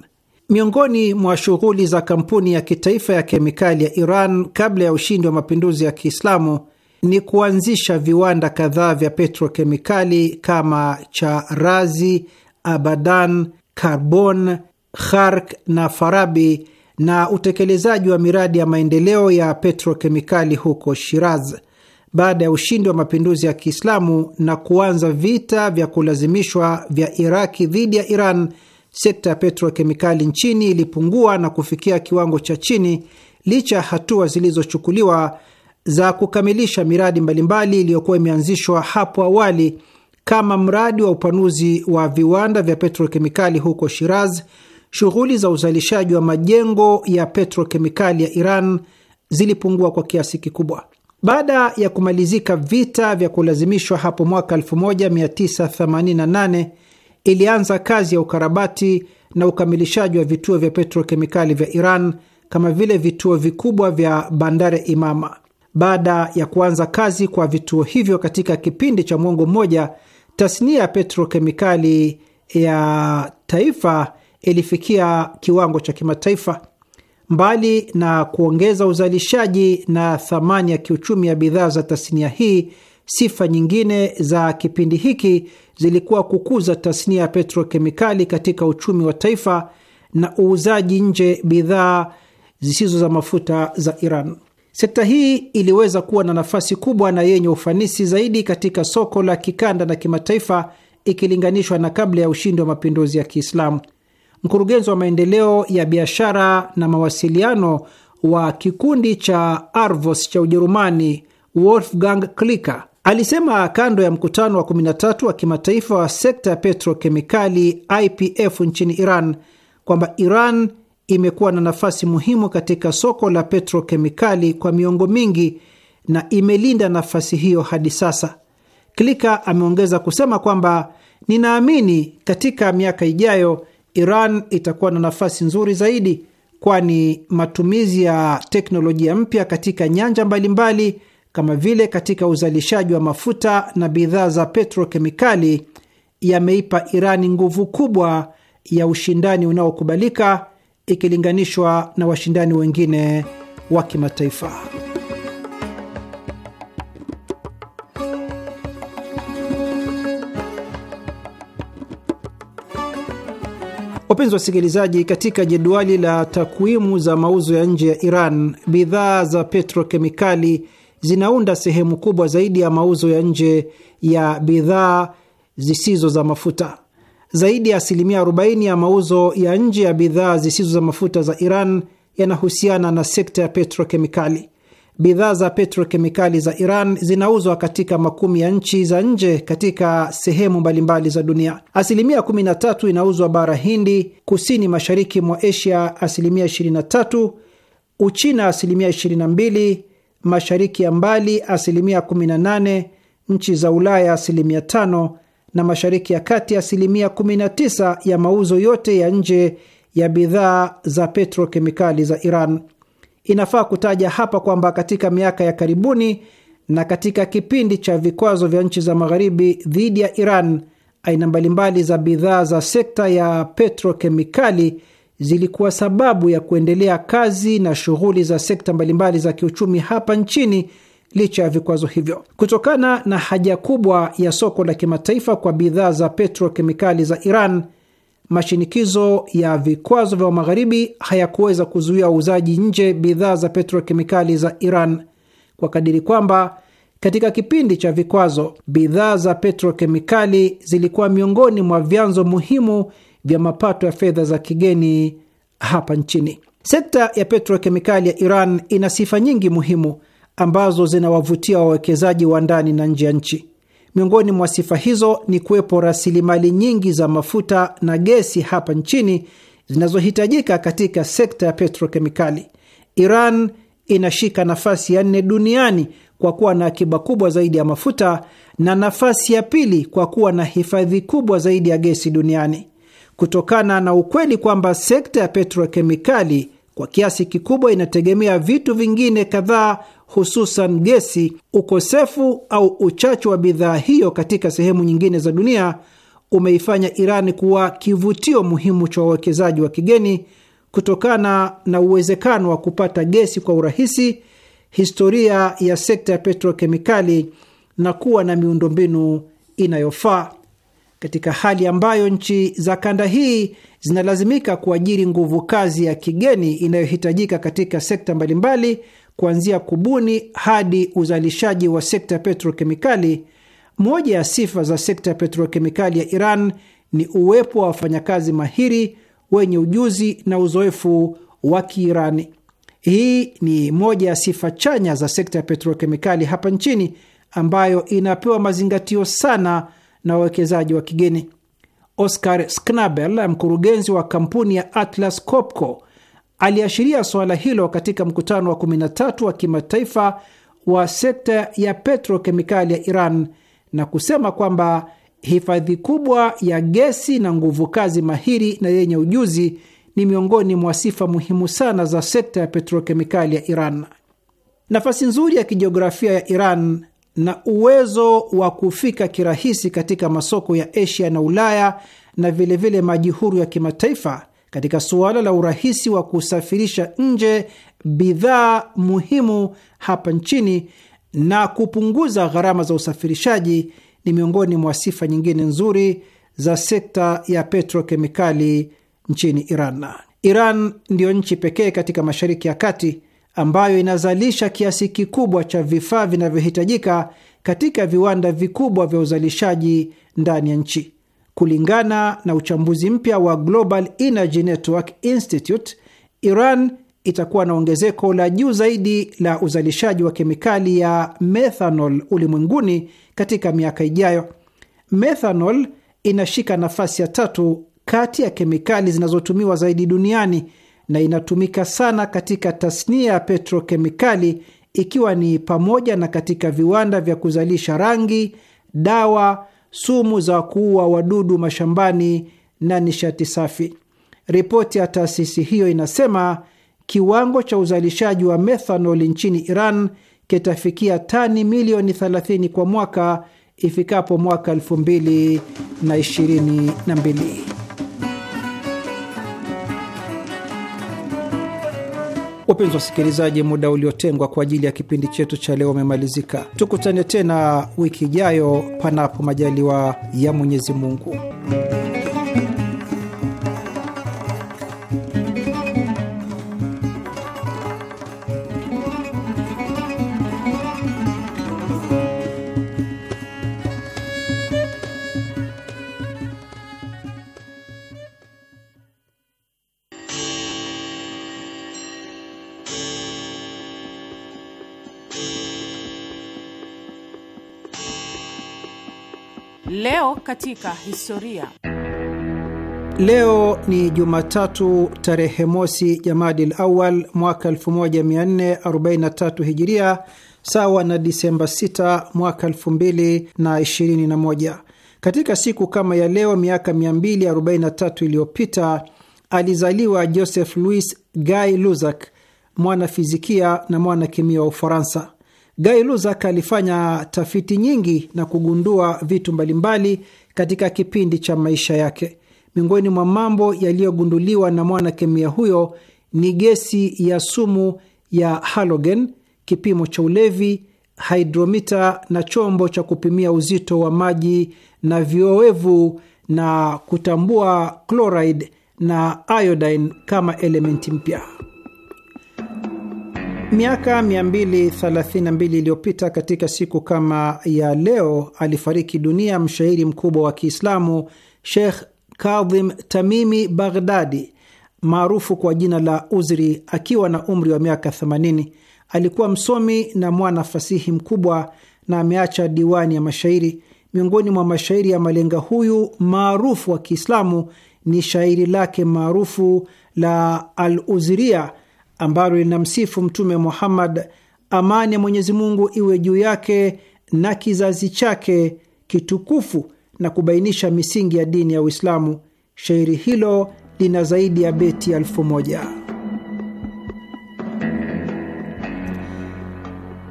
Speaker 5: Miongoni mwa shughuli za kampuni ya kitaifa ya kemikali ya Iran kabla ya ushindi wa mapinduzi ya Kiislamu ni kuanzisha viwanda kadhaa vya petrokemikali kama cha Razi, Abadan, Karbon, Khark na Farabi na utekelezaji wa miradi ya maendeleo ya petrokemikali huko Shiraz. Baada ya ushindi wa mapinduzi ya Kiislamu na kuanza vita vya kulazimishwa vya Iraki dhidi ya Iran sekta ya petrokemikali nchini ilipungua na kufikia kiwango cha chini licha ya hatua zilizochukuliwa za kukamilisha miradi mbalimbali iliyokuwa imeanzishwa hapo awali kama mradi wa upanuzi wa viwanda vya petrokemikali huko Shiraz, shughuli za uzalishaji wa majengo ya petrokemikali ya Iran zilipungua kwa kiasi kikubwa. Baada ya kumalizika vita vya kulazimishwa hapo mwaka 1988 ilianza kazi ya ukarabati na ukamilishaji wa vituo vya petrokemikali vya Iran kama vile vituo vikubwa vya Bandare Imama. Baada ya kuanza kazi kwa vituo hivyo katika kipindi cha mwongo mmoja, tasnia ya petrokemikali ya taifa ilifikia kiwango cha kimataifa. Mbali na kuongeza uzalishaji na thamani ya kiuchumi ya bidhaa za tasnia hii, sifa nyingine za kipindi hiki zilikuwa kukuza tasnia ya petrokemikali katika uchumi wa taifa na uuzaji nje bidhaa zisizo za mafuta za Iran. Sekta hii iliweza kuwa na nafasi kubwa na yenye ufanisi zaidi katika soko la kikanda na kimataifa ikilinganishwa na kabla ya ushindi wa mapinduzi ya Kiislamu. Mkurugenzi wa maendeleo ya biashara na mawasiliano wa kikundi cha Arvos cha Ujerumani, Wolfgang Klicker Alisema kando ya mkutano wa 13 wa kimataifa wa sekta ya petrokemikali IPF nchini Iran kwamba Iran imekuwa na nafasi muhimu katika soko la petrokemikali kwa miongo mingi na imelinda nafasi hiyo hadi sasa. Klika ameongeza kusema kwamba ninaamini katika miaka ijayo Iran itakuwa na nafasi nzuri zaidi, kwani matumizi ya teknolojia mpya katika nyanja mbalimbali mbali, kama vile katika uzalishaji wa mafuta na bidhaa za petrokemikali yameipa Irani nguvu kubwa ya ushindani unaokubalika ikilinganishwa na washindani wengine wa kimataifa. Wapenzi wasikilizaji, katika jedwali la takwimu za mauzo ya nje ya Iran, bidhaa za petrokemikali zinaunda sehemu kubwa zaidi ya mauzo ya nje ya bidhaa zisizo za mafuta. Zaidi ya asilimia 40 ya mauzo ya nje ya bidhaa zisizo za mafuta za Iran yanahusiana na sekta ya petrokemikali. Bidhaa za petrokemikali za Iran zinauzwa katika makumi ya nchi za nje katika sehemu mbalimbali za dunia. Asilimia 13 inauzwa bara Hindi, kusini mashariki mwa Asia asilimia 23, Uchina asilimia 22 mashariki ya mbali asilimia 18, nchi za Ulaya asilimia 5 na mashariki ya kati asilimia 19 ya mauzo yote ya nje ya bidhaa za petrokemikali za Iran. Inafaa kutaja hapa kwamba katika miaka ya karibuni na katika kipindi cha vikwazo vya nchi za magharibi dhidi ya Iran, aina mbalimbali za bidhaa za sekta ya petrokemikali zilikuwa sababu ya kuendelea kazi na shughuli za sekta mbalimbali za kiuchumi hapa nchini licha ya vikwazo hivyo. Kutokana na haja kubwa ya soko la kimataifa kwa bidhaa za petrokemikali za Iran, mashinikizo ya vikwazo vya Magharibi hayakuweza kuzuia uuzaji nje bidhaa za petrokemikali za Iran kwa kadiri kwamba katika kipindi cha vikwazo, bidhaa za petrokemikali zilikuwa miongoni mwa vyanzo muhimu vya mapato ya fedha za kigeni hapa nchini. Sekta ya petrokemikali ya Iran ina sifa nyingi muhimu ambazo zinawavutia wawekezaji wa ndani na nje ya nchi. Miongoni mwa sifa hizo ni kuwepo rasilimali nyingi za mafuta na gesi hapa nchini zinazohitajika katika sekta ya petrokemikali. Iran inashika nafasi ya nne duniani kwa kuwa na akiba kubwa zaidi ya mafuta na nafasi ya pili kwa kuwa na hifadhi kubwa zaidi ya gesi duniani kutokana na ukweli kwamba sekta ya petrokemikali kwa kiasi kikubwa inategemea vitu vingine kadhaa, hususan gesi. Ukosefu au uchache wa bidhaa hiyo katika sehemu nyingine za dunia umeifanya Iran kuwa kivutio muhimu cha wawekezaji wa kigeni kutokana na uwezekano wa kupata gesi kwa urahisi, historia ya sekta ya petrokemikali na kuwa na miundombinu inayofaa katika hali ambayo nchi za kanda hii zinalazimika kuajiri nguvu kazi ya kigeni inayohitajika katika sekta mbalimbali kuanzia kubuni hadi uzalishaji wa sekta ya petrokemikali. Moja ya sifa za sekta ya petrokemikali ya Iran ni uwepo wa wafanyakazi mahiri wenye ujuzi na uzoefu wa Kiirani. Hii ni moja ya sifa chanya za sekta ya petrokemikali hapa nchini ambayo inapewa mazingatio sana na wawekezaji wa kigeni. Oscar Schnabel, mkurugenzi wa kampuni ya Atlas Copco, aliashiria suala hilo katika mkutano wa 13 wa kimataifa wa sekta ya petrokemikali ya Iran na kusema kwamba hifadhi kubwa ya gesi na nguvu kazi mahiri na yenye ujuzi ni miongoni mwa sifa muhimu sana za sekta ya petrokemikali ya Iran. Nafasi nzuri ya kijiografia ya Iran na uwezo wa kufika kirahisi katika masoko ya Asia na Ulaya na vilevile maji huru ya kimataifa katika suala la urahisi wa kusafirisha nje bidhaa muhimu hapa nchini na kupunguza gharama za usafirishaji ni miongoni mwa sifa nyingine nzuri za sekta ya petrokemikali nchini Iran. Iran ndiyo nchi pekee katika Mashariki ya Kati ambayo inazalisha kiasi kikubwa cha vifaa vinavyohitajika katika viwanda vikubwa vya uzalishaji ndani ya nchi. Kulingana na uchambuzi mpya wa Global Energy Network Institute, Iran itakuwa na ongezeko la juu zaidi la uzalishaji wa kemikali ya methanol ulimwenguni katika miaka ijayo. Methanol inashika nafasi ya tatu kati ya kemikali zinazotumiwa zaidi duniani na inatumika sana katika tasnia ya petrokemikali, ikiwa ni pamoja na katika viwanda vya kuzalisha rangi, dawa, sumu za kuua wadudu mashambani na nishati safi. Ripoti ya taasisi hiyo inasema kiwango cha uzalishaji wa methanol nchini Iran kitafikia tani milioni 30 kwa mwaka ifikapo mwaka 2022. Wapenzi wasikilizaji, muda uliotengwa kwa ajili ya kipindi chetu cha leo umemalizika. Tukutane tena wiki ijayo, panapo majaliwa ya Mwenyezi Mungu.
Speaker 2: Leo katika historia. Leo
Speaker 5: ni Jumatatu tarehe mosi Jamadil Awal mwaka 1443 Hijiria, sawa na Disemba 6 mwaka 2021. Katika siku kama ya leo miaka 243 iliyopita alizaliwa Joseph Louis Guy luzak mwana fizikia na mwana kemia wa Ufaransa. Guy Luzak alifanya tafiti nyingi na kugundua vitu mbalimbali katika kipindi cha maisha yake. Miongoni mwa mambo yaliyogunduliwa na mwanakemia huyo ni gesi ya sumu ya halogen, kipimo cha ulevi, hidromita na chombo cha kupimia uzito wa maji na viowevu, na kutambua chloride na iodine kama elementi mpya. Miaka 232 iliyopita katika siku kama ya leo alifariki dunia mshairi mkubwa wa Kiislamu Sheikh Kadhim Tamimi Baghdadi maarufu kwa jina la Uzri akiwa na umri wa miaka 80. Alikuwa msomi na mwana fasihi mkubwa na ameacha diwani ya mashairi. Miongoni mwa mashairi ya malenga huyu maarufu wa Kiislamu ni shairi lake maarufu la Al Uziria ambalo linamsifu Mtume Muhammad, amani ya Mwenyezi Mungu iwe juu yake na kizazi chake kitukufu, na kubainisha misingi ya dini ya Uislamu. Shairi hilo lina zaidi ya beti elfu moja.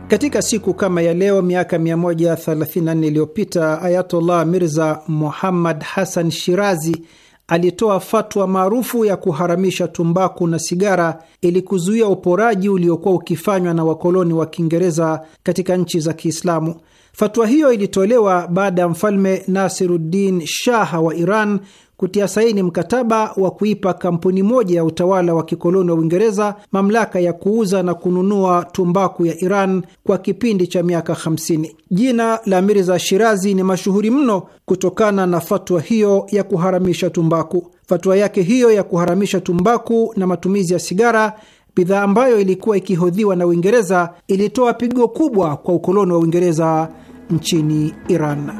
Speaker 5: Katika siku kama ya leo miaka 134 iliyopita Ayatollah Mirza Muhammad Hassan Shirazi alitoa fatwa maarufu ya kuharamisha tumbaku na sigara ili kuzuia uporaji uliokuwa ukifanywa na wakoloni wa Kiingereza katika nchi za Kiislamu. Fatwa hiyo ilitolewa baada ya mfalme Nasiruddin Shah wa Iran kutia saini mkataba wa kuipa kampuni moja ya utawala wa kikoloni wa Uingereza mamlaka ya kuuza na kununua tumbaku ya Iran kwa kipindi cha miaka 50. Jina la Mirza Shirazi ni mashuhuri mno kutokana na fatwa hiyo ya kuharamisha tumbaku. Fatwa yake hiyo ya kuharamisha tumbaku na matumizi ya sigara bidhaa ambayo ilikuwa ikihodhiwa na Uingereza ilitoa pigo kubwa kwa ukoloni wa Uingereza nchini Iran.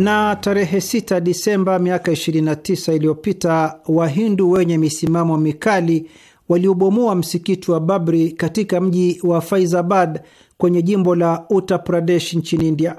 Speaker 5: Na tarehe 6 Disemba miaka 29 iliyopita, Wahindu wenye misimamo mikali waliobomoa msikiti wa Babri katika mji wa Faizabad kwenye jimbo la Uttar Pradesh nchini India.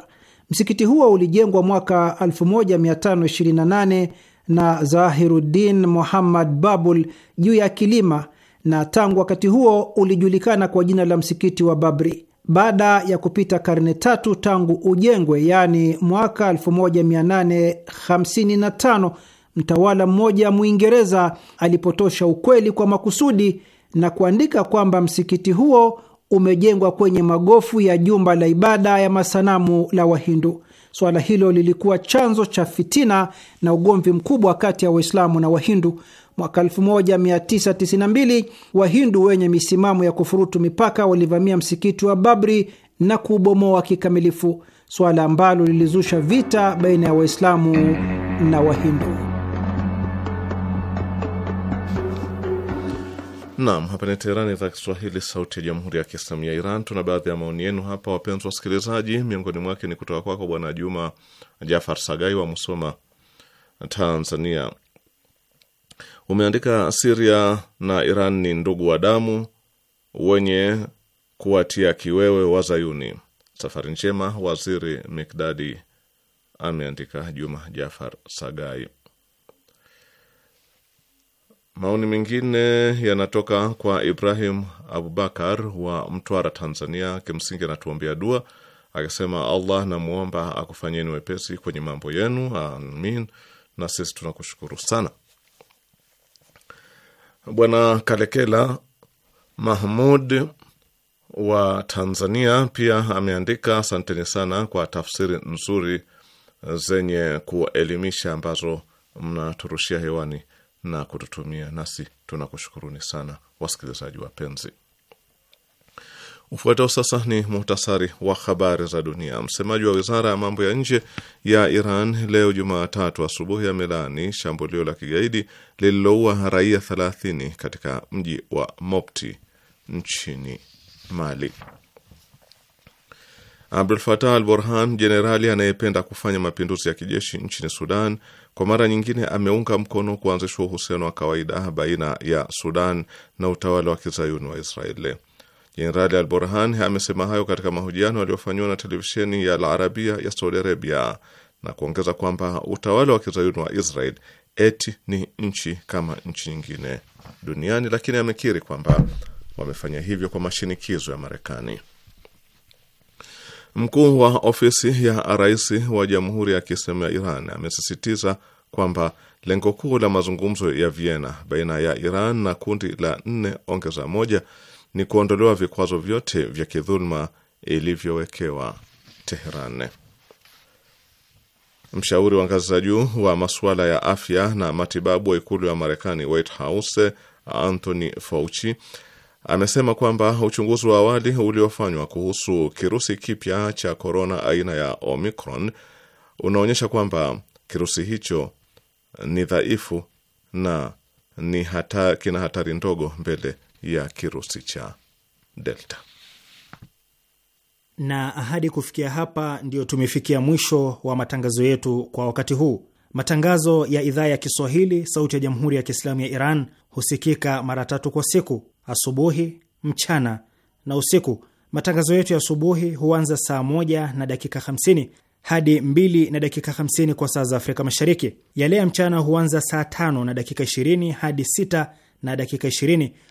Speaker 5: Msikiti huo ulijengwa mwaka 1528 na Zahiruddin Muhammad Babul juu ya kilima, na tangu wakati huo ulijulikana kwa jina la msikiti wa Babri baada ya kupita karne tatu tangu ujengwe, yaani mwaka 1855 mtawala mmoja Mwingereza alipotosha ukweli kwa makusudi na kuandika kwamba msikiti huo umejengwa kwenye magofu ya jumba la ibada ya masanamu la Wahindu. Suala hilo lilikuwa chanzo cha fitina na ugomvi mkubwa kati ya Waislamu na Wahindu mwaka 1992 Wahindu wenye misimamo ya kufurutu mipaka walivamia msikiti wa Babri na kuubomoa kikamilifu, suala ambalo lilizusha vita baina ya Waislamu na Wahindu.
Speaker 1: Nam, hapa ni Teherani, idhaa Kiswahili, sauti ya jamhuri ya kiislamu ya Iran. Tuna baadhi ya maoni yenu hapa, wapenzi wasikilizaji. Miongoni mwake ni kutoka kwako Bwana Juma Jafar Sagai wa Musoma, Tanzania umeandika Siria na Iran ni ndugu wa damu wenye kuwatia kiwewe wazayuni. Safari njema, Waziri Mikdadi, ameandika Juma Jafar Sagai. Maoni mengine yanatoka kwa Ibrahim Abubakar wa Mtwara, Tanzania. Kimsingi anatuombea dua akisema, Allah namwomba akufanyeni wepesi kwenye mambo yenu, amin. Na sisi tunakushukuru sana. Bwana Kalekela Mahmud wa Tanzania pia ameandika asanteni sana kwa tafsiri nzuri zenye kuelimisha ambazo mnaturushia hewani na kututumia, nasi tunakushukuruni sana wasikilizaji wapenzi. Ufuatao sasa ni muhtasari wa habari za dunia. Msemaji wa wizara ya mambo ya nje ya Iran leo Jumatatu asubuhi amelaani shambulio la kigaidi lililoua raia 30 katika mji wa Mopti nchini Mali. Abdul Fatah al Burhan, jenerali anayependa kufanya mapinduzi ya kijeshi nchini Sudan, kwa mara nyingine ameunga mkono kuanzishwa uhusiano wa kawaida baina ya Sudan na utawala wa kizayuni wa Israeli. Jenerali Al Burhan amesema hayo katika mahojiano yaliyofanyiwa na televisheni ya Al Arabia ya Saudi Arabia na kuongeza kwamba utawala wa kizayuni wa Israel eti ni nchi kama nchi nyingine duniani, lakini amekiri kwamba wamefanya hivyo kwa mashinikizo ya Marekani. Mkuu wa ofisi ya rais wa Jamhuri ya Kiislamu ya Iran amesisitiza kwamba lengo kuu la mazungumzo ya Vienna baina ya Iran na kundi la nne ongeza moja ni kuondolewa vikwazo vyote vya kidhuluma ilivyowekewa Teheran. Mshauri wa ngazi za juu wa masuala ya afya na matibabu wa ikulu ya Marekani, White House, Anthony Fauci amesema kwamba uchunguzi wa awali uliofanywa kuhusu kirusi kipya cha korona aina ya Omicron unaonyesha kwamba kirusi hicho ni dhaifu na ni hata, kina hatari ndogo mbele ya kirusi cha Delta.
Speaker 2: Na ahadi kufikia hapa, ndiyo tumefikia mwisho wa matangazo yetu kwa wakati huu. Matangazo ya idhaa ya Kiswahili sauti ya jamhuri ya Kiislamu ya Iran husikika mara tatu kwa siku: asubuhi, mchana na usiku. Matangazo yetu ya asubuhi huanza saa moja na dakika 5 hadi 2 na dakika 50 kwa saa za Afrika Mashariki. Yale ya mchana huanza saa tano na dakika 20 hadi 6 na dakika 20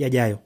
Speaker 2: yajayo.